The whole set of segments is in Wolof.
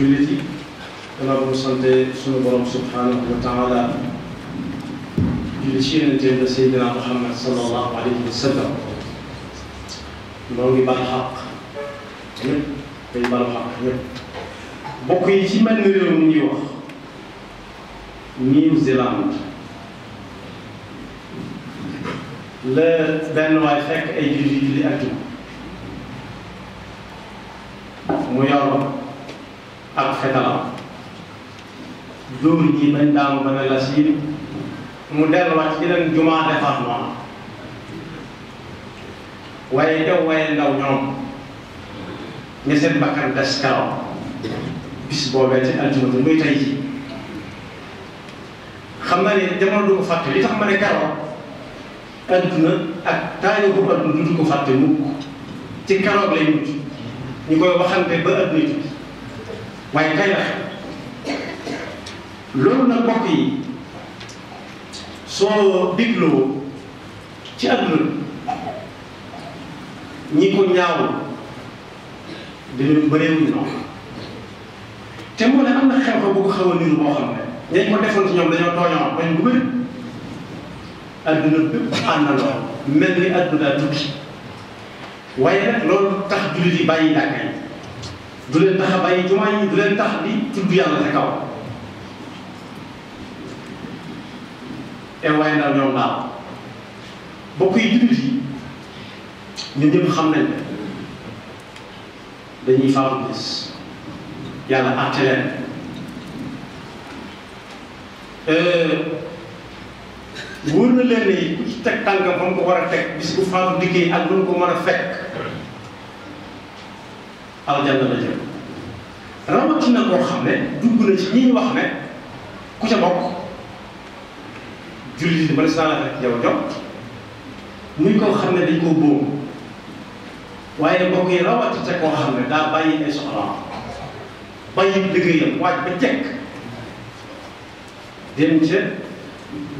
jullit yi gannaaw bu sante suñu borom subhanahu wa taala julli ci yonente ba Seydina Muhammad sallallahu alayhi wa sallam noo ngi baal xaq ñëpp day baal xaq ñëpp bokk yi ci mel ni réew mi ñuy wax New Zealand la benn waay fekk ay julli julli ak ak xetalam dóor ñi bañ daanu ba ne la siin mu delluwaat ci yeneen jumaa defar noonu waaye tew waaye ndaw ñoom ña seen bakkan des karaw bis boobee ci aljuma bi muy tey ji xam na ne jamono du ko fàtte li tax ma ne karaw adduna ak taayo bu adduna du ko fàtte mukk ci karaw lay mujj ñu koy waxante ba adduna ji waaye tey la loolu na mbokk yi soo digloo ci àdduna ñi ko ñaawul dañu bëreewuñu noonu te moo ne am na xew ko bu ko xaw a niru moo xam ne ñañ ko defoon ñoom dañoo tooñoo bañ bu bëri adduna bépp ànd mel ni adduna tukki waaye nag loolu tax jullit yi bàyyi dàkka yi du leen tax a bàyyi jumaa yi du leen tax di tudd yàlla ca kaw te eh waaye ndaw ñoom daal bokk yi jullit yi ñun ñëpp xam nañ dañuy faru gis yàlla àtte leen eh, wóor na leen ne ku ci teg tànkam fa mu ko war a teg bis bu faatu dikkee ak lu mu ko mën a fekk aljanna la jëm rawatina koo xam ne dugg na ci ñi ñu wax ne ku ca bokk jullit ba ne saa la fekk yow jot muy koo xam ne dañ ko bóom waaye mbokk yi rawatina koo xam ne daa bàyyi ay soxlaam bàyyi liggéeyam waaj ba jekk dem ca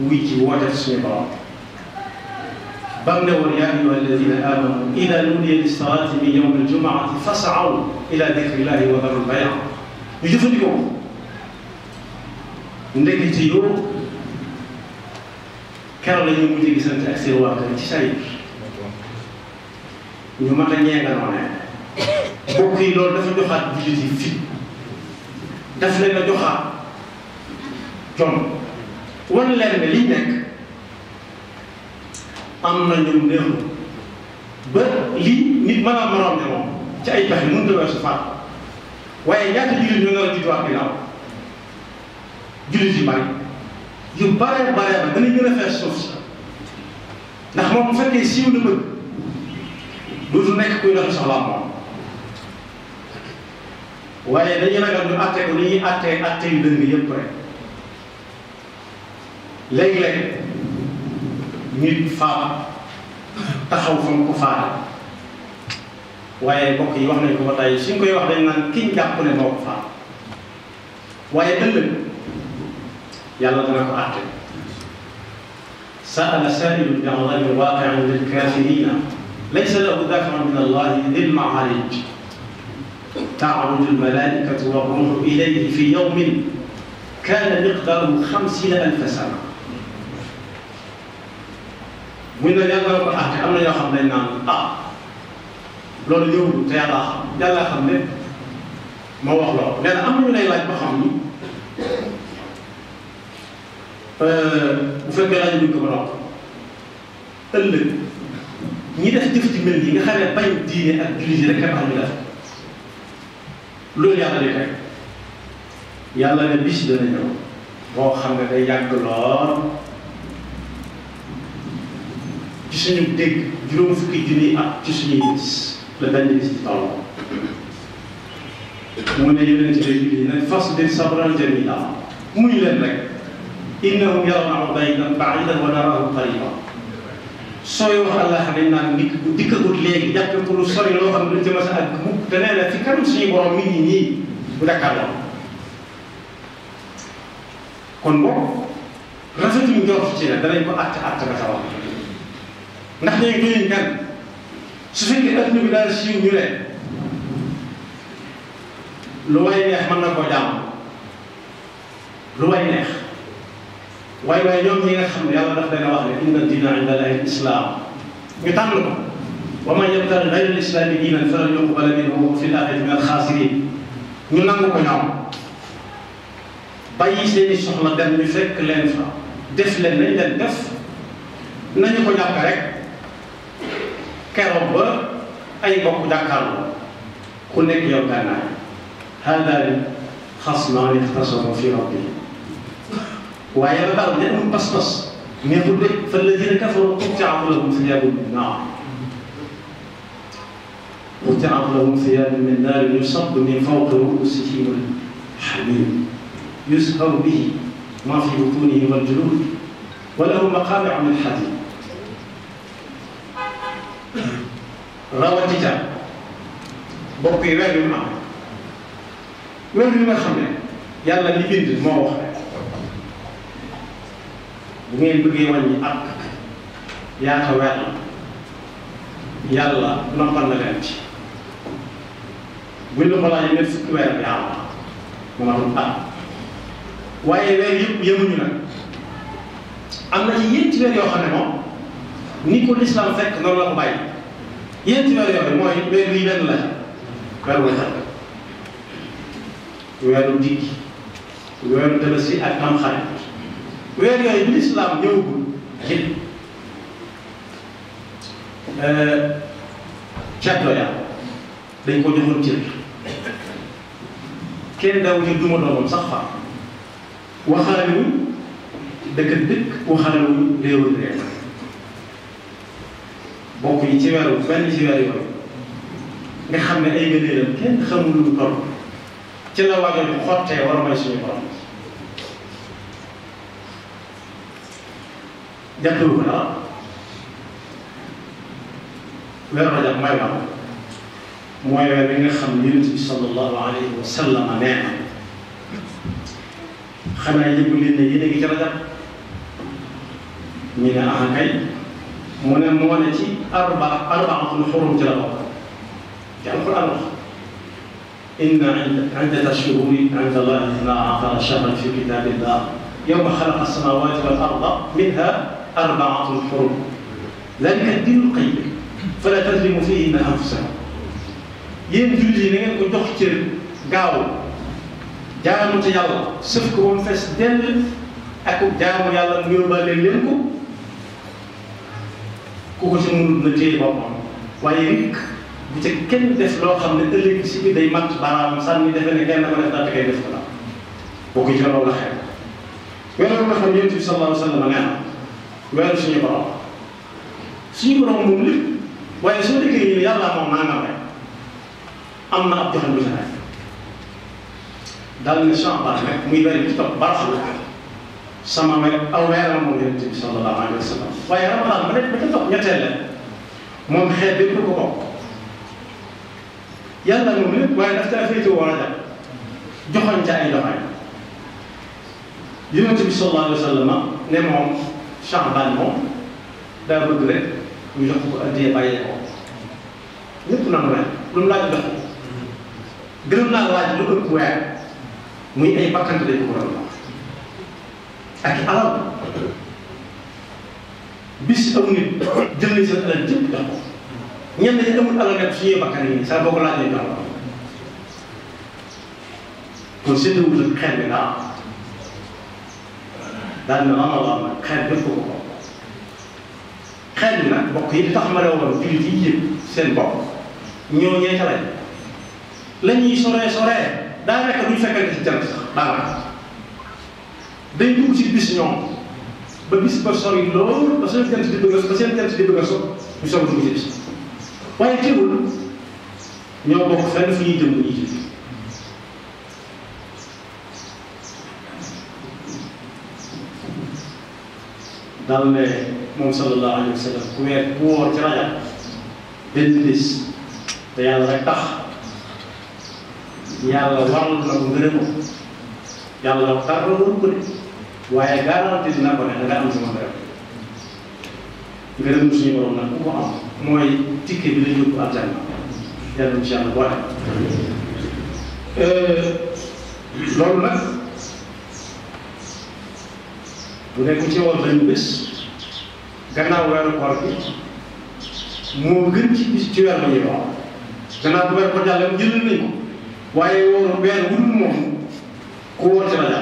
wuy ci woote suñu borom bam ne woon yaa ayyuha alladina amanu ida nudiya lissalaati min yowm aljumaati fasaw ila dikrillahi wa daru lbaya ñu jëfandikoo ndekete yoo keroog la ñuy mujj gisante ak seen waa kër ci sayir ñu mat a ñeenganoo ne bokk yi loolu dafa joxaat jullit yi fit daf leen a joxaat jom wan leen ne liñ nekk am na ñu néew ba lii nit mën a mënoon ne moom ci ay pexe mënut a weesu faat waaye ñaata jullit ñu nga war a jiituwaat ginnaaw jullit yu bari yu baree baree ba dana gën a fees suuf si ndax moom bu fekkee siiw na bëgg dootu nekk kuy dox soxlaam moom waaye dañuy ragal ñu àtte ko ni ñuy àttee yu dëng yëpp rek léeg-léeg nit faam taxaw fa mu ko faale waaye mbokk yi wax nañ ko ba tey suñ koy wax dañ naan kiñ jàpp ne moo ko faam waaye ëllëg yàlla dana ko àtte saala saa'ilun bi adaabin waaqi'in lil kaafiriina laysa lahu daafi'un min allahi dil ma'aarij تعرج الملائكة والروح إليه في يوم كان مقداره خمسين ألف سنة buñ la yàlla ko àtte am na yoo xam ne dañ naan ah loolu yëngu te yàlla xam yàlla xam ne moo wax loolu nee na am na lay laaj ba xam ni euh, bu fekkee laaj bi ñu ko borom ëllëg ñi def jëf ci mel yi nga xam ne bañ diine ak jullit yi rek tax ñu def loolu xam ne day yàgg lool. suñu dégg juróom fukki junni ak ci suñuy gis la benn bis di tolloo mu ne yonent bi lii nag fasbir sabran jamila muy leen rek innahum yarawnahu ba'idan ba'idan wa narahu qariban sooy wax allah dañ naan nit bu dikkagut léegi jàpp ko lu sori loo xam ne dañ ci mas a àgg mukk te nee na fi kanam suñu mi ngi nii bu dakkaloo kon boobu rafetuñ njort ci ne danañ ko àtt àtt ba sa wax ndax ñooy njëriñ kan su fekkee adduna bi daal siiw ñu ne lu way neex mën na koo jaamu lu way neex waaye waaye ñoom ñi nga xam ne yàlla daf leen wax ne inna diina inda llahi al-islaam ñu tànn ko wa man yabtaghi ghayra al-islaami diinan falan yuqbala minhu wa huwa fi l-aaxirati mina al-xaasiriin ñu nangu ko ñoom bàyyi seeni soxla dem ñu fekk leen fa def leen nañ leen def nañu ko ñàkk rek. keroog ba ay mbokk jàkkaarloo ku nekk yow gànnaay haadaani xasmaani ixtasamu fi rabbihim waaye ba pare ne am pas-pas nekkul de fa lladiina kafaru qutti'at lahum thiyaabun min naar qutti'at lahum thiyaabun min naarin yusabbu min fawqi ru'uusihim al-hamiim yus'alu bihi maa fi butuunihim wal juluud wa lahum maqaami'u min hadiid rawatina bokk yi weer yu mu am weer xam ne yàlla li bind moo wax ngeen bëggee wàññi ak yaata weer la yàlla nampal na leen ci buñ la ko laajee ñetti fukki weer bi am mu la doon am waaye weer na ci ñeenti weer yoo xam ne moom ni ko ñeenti weer yoo xam mooy weer bii benn la weeru wàllam weeru digg weeru tabaski ak am xarit weer yooyu bi lislaam ñëwagul ci euh, ceddo ya dañ ko joxoon cër kenn daaw ci duma doomam sax fa waxaale wuñ dëkk dëkk waxaale wuñ réewal réew bokk yi ci weeru benn ci weer yooyu nga xam ne ay ngëneelam kenn xamul lu toll ci la waajal bu xottee war a may suñu borom jàppewu ko dara weeru rajab mooy la mooy weer bi nga xam bi sallallahu alayhi wa sallam nee na xanaa yëgu leen ne yéen a ngi ci rajab ne ah kay mu ne moo ne ci arba arbaatul xurum ci la bokk ci alquran wax inna iddata ashhuri inda allahi isnaa ashara shahran fi kitabillah yawma xalaqa as-samawati wal arda minha arbaatul xurum dalika diinul qayyim fala tazlimu fihinna anfusakum yéen jullit yi na ngeen ko jox cër gaaw jaamu ci yàlla sëf ko woon fees dell ak jaamu yàlla mu yóbbaale leen ko ku ko ci mënul na téye boppam waaye rikk bu ca kenn def loo xam ne ëllëg si bi day mat baaraam sànni defe ne kenn ko def daal kay def ko la la xew weeru nga xam yonent bi sallallahu alayhi wa sallam nee na weeru waaye soo dëkkee ñu ne yàlla moom nangam rek am na ab joxan bu ca sama weer aw weeram moom yonent bi sallallahu alayhi wa sallam waaye ramadan ba nekk ba ca topp ñetteel la moom xeet bi ko bokk yàlla moom lépp waaye daf caa féete woo rajab joxoñ ca ay doxañ yonent bi sallallahu alayhi wa sallam ah, ne moom Shaaban moom daa bëgg rek ñu jox ko addiyee bàyyi ko ñëpp nanu rek lu mu laaj jox ko gërëm naa laaj lu ëpp weer muy ay bakkante dañ ko ak i alal bis am nit jël nañ seen alal jëpp jox ko ñenn ñi amul alal rek suñuy bakkan yi saa boo ko laajee jox ko kon séddewul ak xeet bi nga am daal ne lan la am xeet bépp ko ko xeet bi nag bokk yi tax ma ne woon jullit yi yëpp seen bopp ñoo ñeente lañ la ñuy soree bi daanaka duñ fekkante day dugg ci bis ñoom ba bis ba sori lool ba seen jant di bëgg ba seen jant di bëgg a so ñu soog dugg ci bis waaye teewul ñoo bokk fenn fu ñuy jëm bu ñuy jëm daal ne moom sallallahu alayhi wa sallam ku weer ku wóor ci rajab benn bis te yàlla rek tax yàlla warul na ko yàlla dara ko de waaye garanti ko ne da nga am sama ngërëm ngërëm suñu borom nag ku ko am mooy tikke bi la yóbbu aljanna yàlla ñu si yàlla boole loolu nag bu dee ku ci woon lañu bés gannaaw weeru koor bi moo gën ci bis ku woote ba la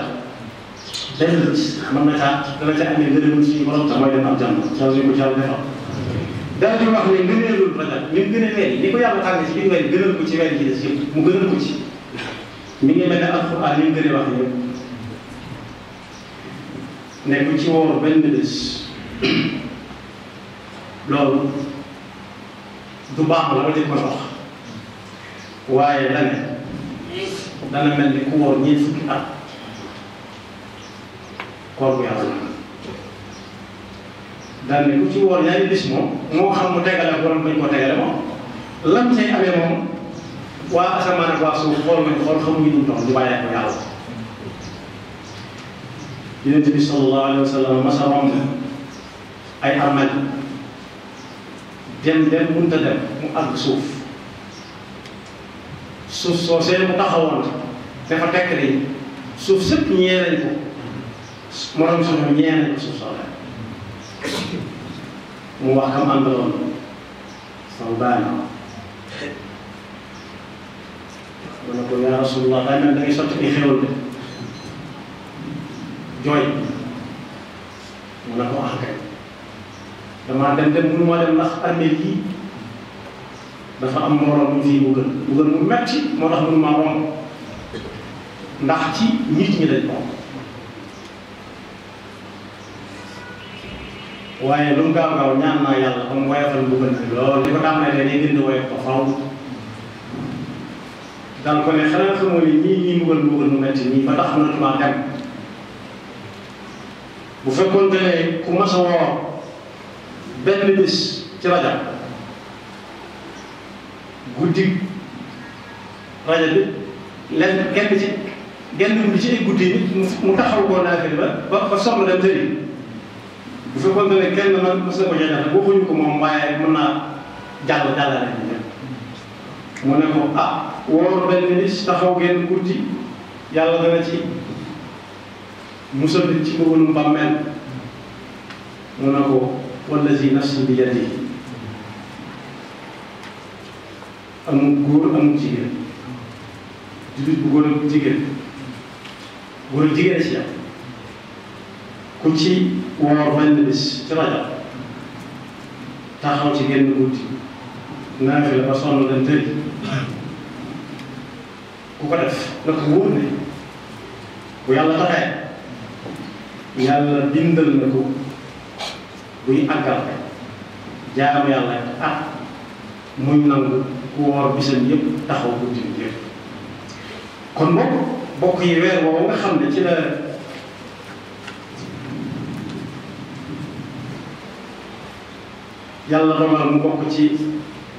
benn bés mën na caa dana caa amee ngërëmul suñu borom tax mooy dem am jàmm yàlla nañu ko jàll defal daal di wax ne ngëneelul rajab ni mu gën a weer ni ko yàlla tànn ci biir weer gënal ko ci weer ji des yëpp mu gënal ko ci mi ngi mel ne alxuraan ni mu gën a wax yëpp nekk ci woor benn bés loolu du baax la ba di ko wax waaye la ne dana mel ni ku wóor ñeent fukki at koor bu yàlla daan ne ku ci wóor ñaari bis moom moo xam mu tegale ak borom bañ ko tegale moom lam say amee moom waa asamaan ak waa suuf xool nañ xool xamuñu ñu dox ñu bàyyee ko yàlla yonent bi sallallahu alayhi wa sallam masa romb ay armel dem dem mënta mu àgg suuf suuf soo see mu taxawoon dafa tekk ni suuf sëpp ñee nañ ko moroom suuf bi ñee nañ ko suuf soxla mu wax kam àndaloon sama baay ma ne ko yaa Rasulullah daa mel da ngay sotti ay xéwal de jooy mu ne ko wax ah, kay damaa dem dem mënu maa dem ndax armée yi dafa am moroom mu fii bu gën bu gën mu metti moo ndax ci nit ñi lañ waaye lu mu gaaw gaaw ñaan naa yàlla ba mu woyofal mbugal bi lool li ko tàmmalee dañuy dindi woyof ko faw dal ko ne xanaa xamoo ne ñii ñii mbugal mbugal mu metti nii ba tax mënatumaa dem bu fekkoon ne ku a woor benn bis ci rajab guddi rajab bi lenn kenn ci genn bi ci ay guddi mu taxaw koo naafil ba ba soxla dem tëri bu fekkoon ne kenn man mos na ko jaajëfal waxuñu ko moom waaye mën naa jàll jàllale mu ne ko ah wóor benn bis taxaw genn guddi yàlla dana ci musal nit ci mbugalum bàmmeel mu ne ko wallazi nafsi bi yadihi amul góor amul jigéen jullit bu góor ak jigéen góor jigéen ci yam ku ci woor benn bis ci rajab taxaw ci génn guddi naafi la ba sonn dem tëri ku ko def na ko wóor ne bu yàlla taxee yàlla bindal na ko buy àggal jaamu yàlla ah muy nangu ku woor bisam yépp taxaw guddi bi yépp kon bokk bokk yi weer woowu nga xam ne ci la yàlla dogal mu bokk ci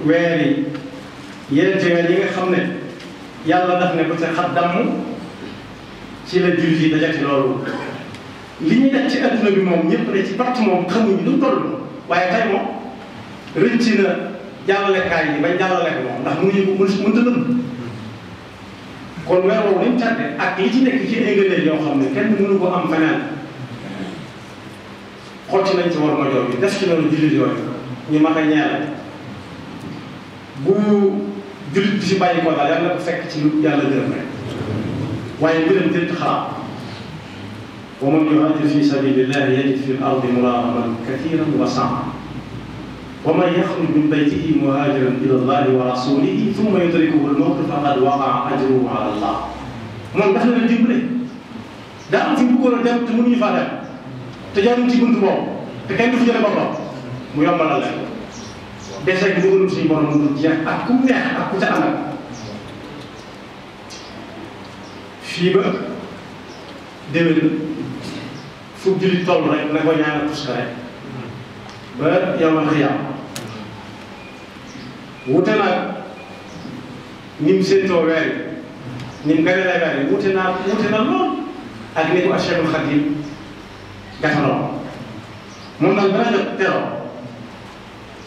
weer yi yeneen weer yi nga xam ne yàlla ne ko ca xat damm ci la jullit yi dajati loolu li ñuy def ci adduna bi moom ñëpp ne ci parti moom xamuñu lu toll waaye tey moom rëcc na jàllaleekaay yi bañ jàllale ko moom ndax mënuñu mënut a dënd kon weer woowu ni mu tànne ak li ci nekk ci ay yoo xam ne kenn mënu ko am fanaan xotti nañ ci war ma jox bi def ci loolu jullit yooyu ñu mag a ñaanal bi si bàyyi ko daal yàlla ko fekk ci lu yàlla gërëm rek waaye mbiram dënt xalaat wa man yuhajir fi sabilillahi yajid fi l ardi muragaman kathiran wa saman wa man yaxruj min baytihi muhaajiran ila llahi wa rasulihi summa yudrikuhu l-mawtu faqad waqaa ajruhu ala llah moom tax na dimbale daa am fi mu bëggoon a dem te mënuñu faa dem te jaaruñ ci buntu boobu te kenn du fi jëlee boppam mu yombalal leen des rek bëggoon suñu borom mu jeex ak ku neex ak ku ca àndal fii ba déwén fu jullit toll rek na ko ñaanal tus rek. ba yawmal xiyaam wute nag ni mu séentoo weer yi ni mu gën a lay weer yi wute naa wute na lool ak ni ko Cheikhul Khadim gàttaloo moom nag balaa jot teroo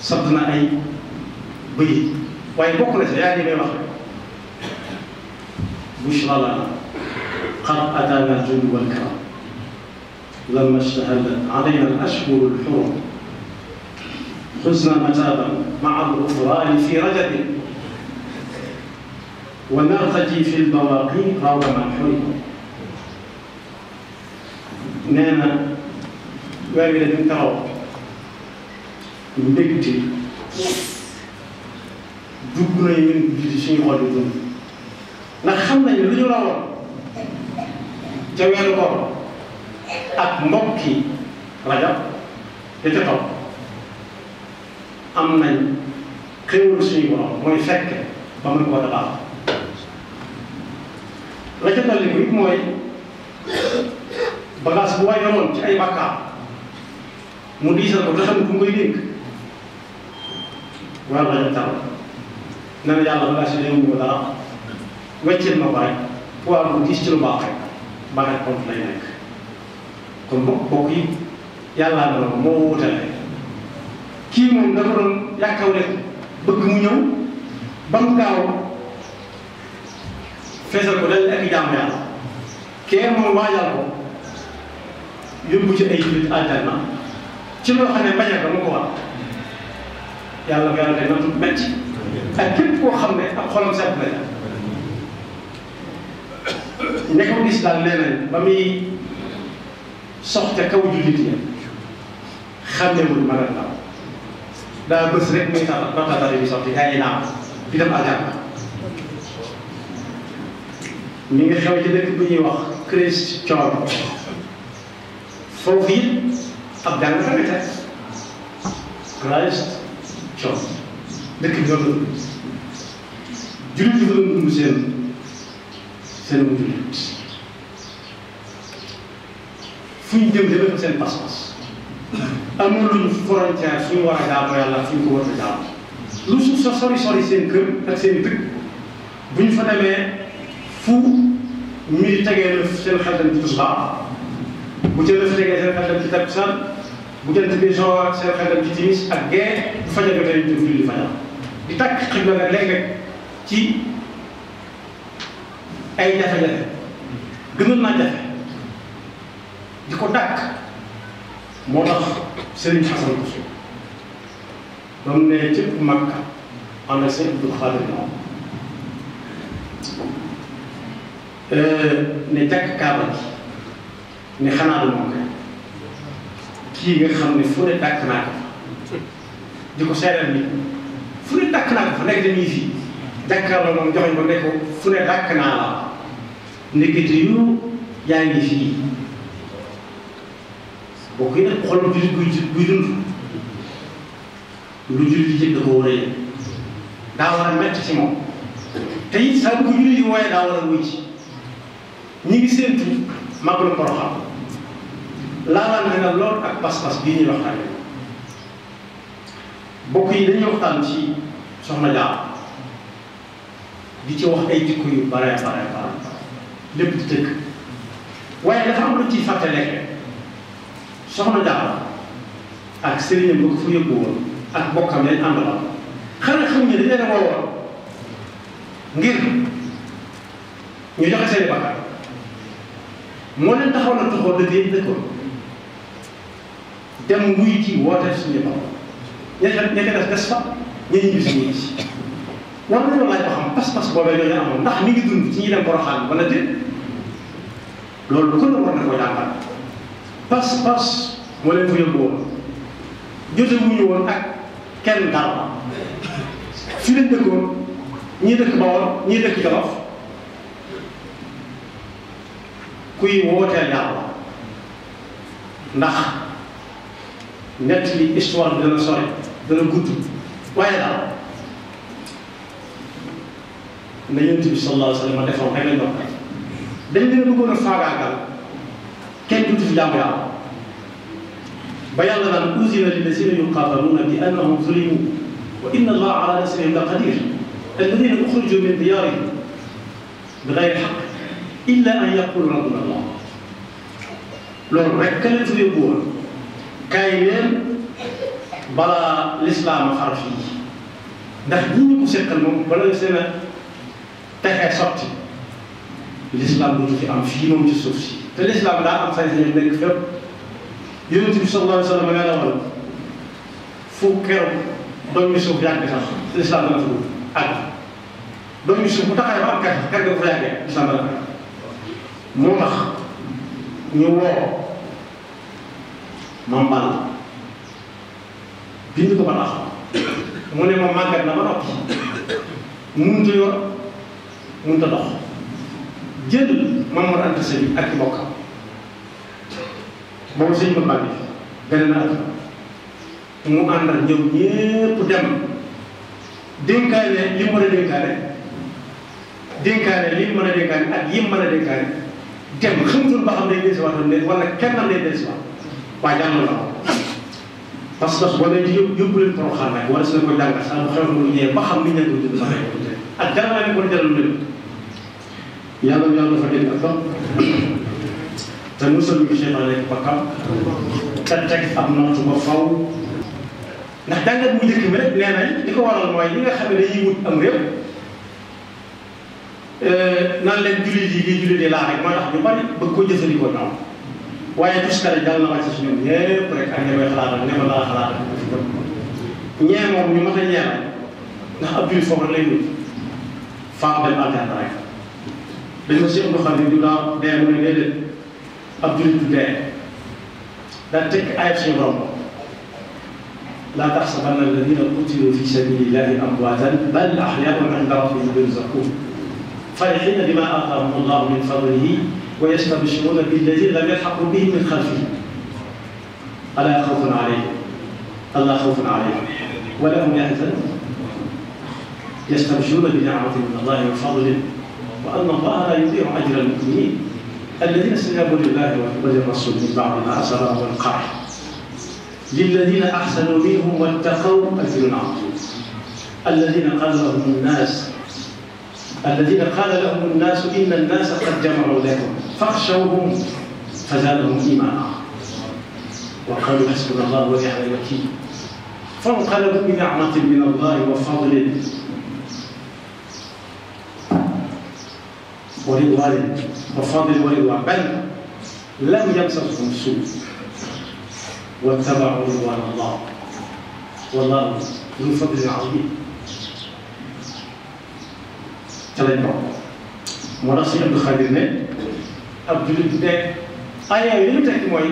sant na ay bëy waaye bokk na sa yaa ngi may wax bushra lana qad ataana al-jud wal-karam lammaa ishtahalat alayna al-ashhur al-hurum حسن متابا مع الغفران في رجب ونرتجي في البواقي غاب من حرم nee na weer wi dañu taxaw mbégte dugg nañ ñun julli suñu xol yi dund ndax xam nañu lu ñu rawoon ca weeru koor ak mbokk yi rajab da ca topp am nañ xéewal suñu borom mooy fekke ba mën koo dabaax la ca dalli bu mooy bagage bu waay yoroon ci ay bàkkaar mu diisal ko te xam ne bu ngoy dénk war la ñu taw na ne yàlla bagage yi dañu ko dara weccel ma bare poids bu diis ci lu baax rek baaxee compte lay nekk kon bokk bokk yi yàllaa na moo wutale kii moom dafa doon yàkkaw rek bëgg mu ñëw ba mu gaaw feesal ko dal ak jàmm yàlla kee moom waajal ko yóbbu ci ay jullit aljanna ci loo xam ne bañ a ko war yàlla ko yàlla day nattu metti ak képp koo xam ne ak xolam set na nekkul gis daal nee nañ ba muy soxte kaw jullit yi xam ne mul magal la daa bës rek muy tax baaxaatari bi sotti gaa yi naaw di mi ngi xew ci dëkk bu ñuy wax Christ Coor foofu it ab jàng nga koy teg Christ Coor dëkk bi doon dund jullit yi doon dund seen pas-pas amuluñ frontière suñu war a jaamu yàlla suñ ko war a jaamu lu suuf sa sori sori seen kër ak seen dëkk bu ñu fa demee fu mii tegee seen xel dem ci tisbaar bu ca seen xel dem ci takkusaan bu jant seen xel dem ci bu fajar bi tey ñu julli di takk xibla nag léeg-léeg ay jafe-jafe gënoon di ko dàkk moo tax Serigne Assane Bousso ba mu ne cëpp Makka ànd ak Serigne Abdou Khadir moom eh, ne jàkk Kaaba gi ne xanaa du moom kii nga xam ne fu ne dàkk naa ko fa di ko seeral nit fu ne dàkk naa ko fa nekk dañuy fii jàkkaarloo moom joxoñ ba ne ko fu ne dàkk naa la nekkati yu yaa ngi fii bokk yi nag xol jullit buy jul buy dund lu jullit yëpp da ko war a yëg daa war ci moom te it saa bu jullit yi wooyee daa war a wuy ci ñi ngi séentu magalu Porokhane laalante na lool ak pas-pas bii ñuy waxtaanee bokk yi dañuy waxtaan ci soxna Jaara di ci wax ay jikko yu bare bare bare lépp di dëkk waaye dafa am lu ciy fàtte lekk soxna Diallo ak sëriñam ba ko fa yóbbu woon ak bokkam lañ àndaloon xanaa xam ne dañ leen a woon ngir ñu joxe seen i bakkaar moo leen taxaw na taxaw dëkk yëpp dëkkoon dem wuy ci woote suñu bopp ñaata ñaata def des fa ñeneen ñi suñuy gis war nañoo laaj ba xam pas-pas boobee ñoo ñu amoon ndax mi ngi dund ci ñi dem boroxaan wala déet loolu lu ko war na ko jàngal. pas-pas moo leen fa yóbbu woon jotewuñu woon ak kenn dara fi lañ dëkkoon ñii dëkk Bawol ñii dëkk Jolof kuy wooteel yàlla ndax nett li histoire dana sore dana gudd waaye na yonent bi sallallahu alayhi wa sallam defoon rek la ñu dañ leen bëggoon a kenn tuuti ci jàmm yàlla ba yàlla naan uzina lillazina yuqaataluuna bi annahum zulimu wa inna allaha ala nasrihim la qadir alladina uxriju min diyaarihim bi gayri xaq illa an yaqulu rabbuna allah loolu rek ka leen fi yóbbu woon kaay leen balaa lislaam xar fii ndax ñi ñu ko seqal moom bala seen a texee sotti lislaam dootu fi am fii moom ci suuf si te lislaam daa am sañ-sañ nekk fépp yonent bi sallallahu alayhi wa sallam nee na woon fu keroog doomi suuf yàgg sax lislaam dana fa àgg doomi suuf bu taxawee ba am kàcce kàcce bu fa yàggee lislaam dana fa moo tax ñu woo ma mbal bind ko ba tax ma màggat na ba noppi mënut a yor jël Mamour Anta Sali ak mbokkam moom sëñ ma bàyyi beneen at mu ànd ak ñëw ñépp dem dénkaane li mu mën a dénkaane dénkaane li mu mën a dénkaane ak yim mën a dénkaane xam ne des waxam ne wala kenn am ne des wax waaye jàng la ko parce que boo nee ci yóbbu yóbbu leen toroxaan wala su ne ko jàngal sax xew na lu ñëwee ba xam ni ñu ne ko jënd sax ak jàngale ko jaral leen yàlla yàlla fa dégg ak fa te musal ñu seytaane rek bakkam te teg am nootu ba faw ndax jàngat bu njëkk bi rek nee nañ li ko waral mooy li nga xam ne dañuy wut am réew nan leen jullit yi ngay jullit yi laa rek mooy tax ñu bari bëgg ko jëfandikoo naaw waaye tuskare jàll na wàcc si ñoom ñëpp rek ak ñebe xalaatal ñebe laa xalaatal ñee moom ñu mën a ñeeral ndax ab jullit foofu rek lay wut faaw dem àndaata rek dañoo Cheikh Abdou Khadir Jula dee mu ne déedéet ab jullit du dee daa tekk ayib suñu borom laa taxsabanna alladina qutilu fi sabilillahi amwaatan bal ahyaun inda rabbihim yurzaqun farihina bima aataahum allahu min fadlihi wa yastabshiruna billadina lam yalhaqu bihim min xalfihim alaa xawfun alayhim alaa xawfun alayhim wa la hum yahzanun yastabshiruna bi nicmatin min allahi wa fadlin wa anna allaha la yudiiu ajra almuminin alladina istajabu lillahi wa lirrasul min ba'di ma asaba wal qarh lilladina ahsanu minhum wattaqaw ajrun azim alladina qala lahum nnas الذين قال لهم الناس إن الناس قد جمعوا لكم فاخشوهم فزادهم إيمانا وقالوا حسبنا الله ونعم الوكيل فانقلبوا بنعمة من الله وفضل ورضوان وفضل ورضوان بل لم يمسسهم سوء واتبعوا رضوان الله والله ذو فضل عظيم كلام moo tax suñu Abdou Khadir ne ab jullit bu teg aaya yi li mu tekki mooy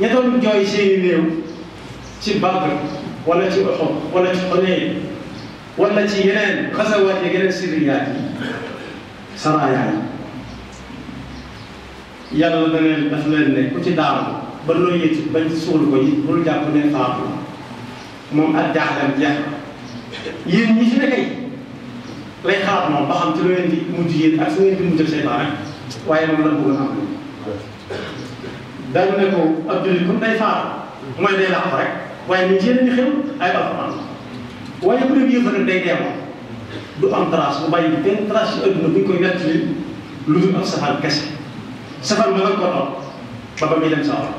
ña doon jooy seeni néew ci Badr wala ci Uhud wala ci Hunayn wala ci yeneen xasawaat yi yeneen sirriyaat yi saraaya yàlla da leen daf leen ne ku ci daaru ba looy yëcc bañ suul ko yi bul jàpp ne faatu moom ak jaaxlem jeex yéen ñi fi ne kay lay xalaat ba xam ci lu leen di mujj yéen ak su ngeen di mujjal seytaane waaye moom la bëgg a am dañu ne ko ab jullit comme day faatu mooy day làqu rek waaye ni ci yéen ñi xew ay alxuraan waaye ku ne yëfa nag day dee du am trace bu bàyyi benn trace ci adduna bu ñu koy nett li lu dul am safar kese safar ma nga ko topp ba ba muy dem sa war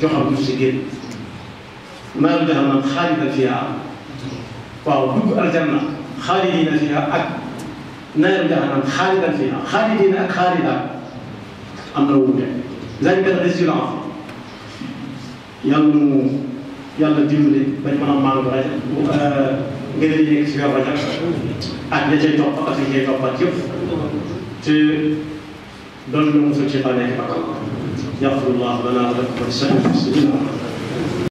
joxam du si génn naa lu jaxam nag xaalidan fiha waaw dugg aljanna xaalidina fiha ak naaru jaxanam xaalidan fiha xaalidina ak xaalida am na wuute zalika résilence yàlla nu yàlla dimbali bañ mën a maandu rek ngeen di nekk si yoon rajo ak ña cay topp ak ña cay toppat yëpp te doon na mosul ci xale yi ak yàqulullah balaa rek ba sëñ bi